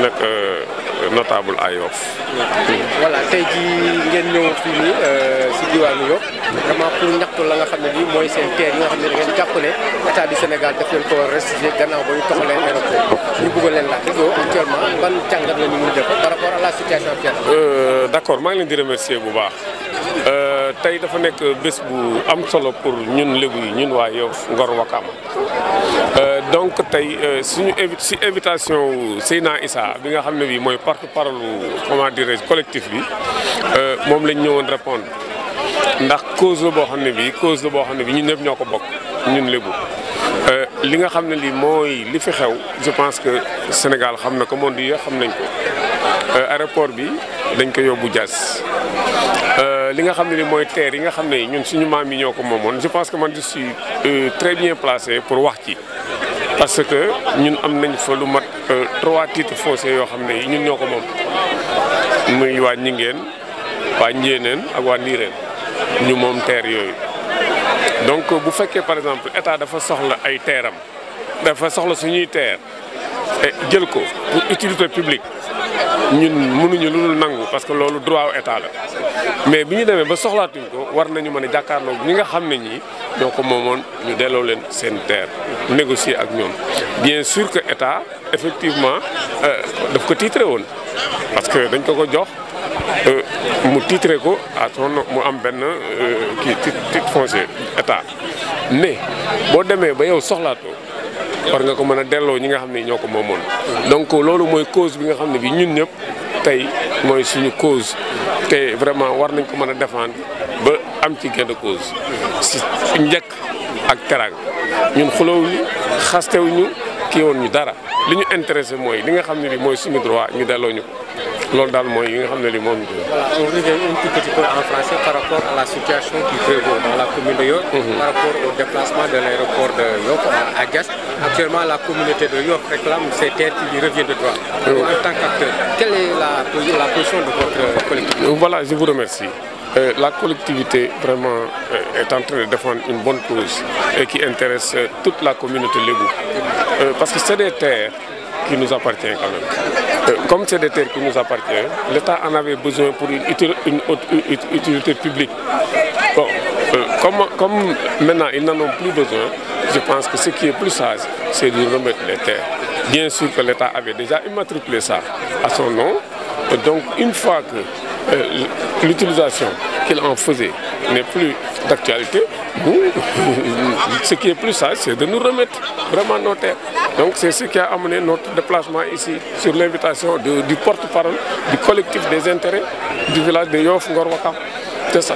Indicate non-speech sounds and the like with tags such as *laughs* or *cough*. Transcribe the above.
nag euh, notable à Yoff. tey jii ngeen ñëw fii nii euh, si diwaanu Yoff vraiment pour ñaxtu la nga xam ne bii mooy seen terre yi nga xam ne da ngeen jàpp ne état du Sénégal daf leen ko war a restituer gannaaw ba ñu toxalee leen laaj euh, bu baax. tey dafa nekk bés bu am solo pour ñun léegi ñun waa Yoff Ngor Wakam tey euh, suñu si invitation Seyna Issa bi nga xam ne bii mooy porte parole comment dire je collectif bi euh, moom lañ ñëwoon répondre ndax cause la boo xam ne bii cause la boo xam ne bii ñun ñëpp ñoo ko bokk ñun lébu euh, li nga xam ne lii mooy li fi xew je pense que Sénégal xam na ko moom di xam nañ ko aéroport bi dañ ko yóbbu Diass li nga xam ne li mooy terre yi nga xam ne ñun suñu maam yi ñoo ko moom moomoon je pense que man je suis très bien placé pour wax ci. parce que ñun am nañ fa lu mat euh, trois titres fonciers yoo xam ne yi ñun ñoo ko moom muy waa Ñingeen waa Njéeneen ak waa Ndiireen ñu moom terre yooyu donc bu fekkee par exemple état dafa soxla ay teeram dafa soxla suñuy terre jël ko pour utilité publique ñun mënuñu lu nangu parce que loolu droit wu état la mais bi ñu demee ba soxlaatuñ ko war nañu mën a jàkkaarloo ñi nga xam ne ñii ñoo ko moomoon ñu delloo leen seen terre négocier ak ñoom bien sûr que état effectivement euh, daf ko titré woon parce que dañ ko ko jox euh, mu titré ko à son am benn euh, kii titre foncier état mais boo demee ba yow soxlaatoo. war nga ko mën a delloo ñi nga xam ni ñoo ko moomoon donc loolu mooy cause bi nga xam ne bi ñun ñëpp tey mooy suñu cause te vraiment war nañ ko mën a défendre ba am ci gain de cause si njëkk ak teraanga ñun xulawuñu xastewuñu kii woon ñu dara li ñu intéressé mooy li nga xam ne bi mooy suñu droit ñu delloo ñu ko loolu daal mooy yi nga xam ne lii moom ñu koy. voilà on revient un tout en français par rapport à la situation qui prévaut dans la commune de Yoff. Mhm. par rapport au déplacement de l'aéroport de Yoff à Diass. actuellement la communauté de Yoff réclame ces terres qui de droit. donc quelle est la position de votre collectivité. voilà je vous remercie. Euh, la collectivité vraiment euh, est en train de défendre une bonne cause et euh, qui intéresse euh, toute la communauté lébou. parce que c'est des terres qui nous appartient Et euh, comme c'est des terres qui nous appartiennent, l'État en avait besoin pour une, autre, utilité publique. Euh, comme, comme maintenant ils n'en ont plus besoin, je pense que ce qui est plus sage, c'est de remettre les terres. Bien sûr que l'État avait déjà immatriculé ça à son nom. donc une fois que Euh, l'utilisation qu'il en faisait n'est plus d'actualité, nous, *laughs* ce qui est plus sage, c'est de nous remettre vraiment nos terres. Donc c'est ce qui a amené notre déplacement ici, sur l'invitation du porte-parole du collectif des intérêts du village de Yof Ngorwaka. C'est ça.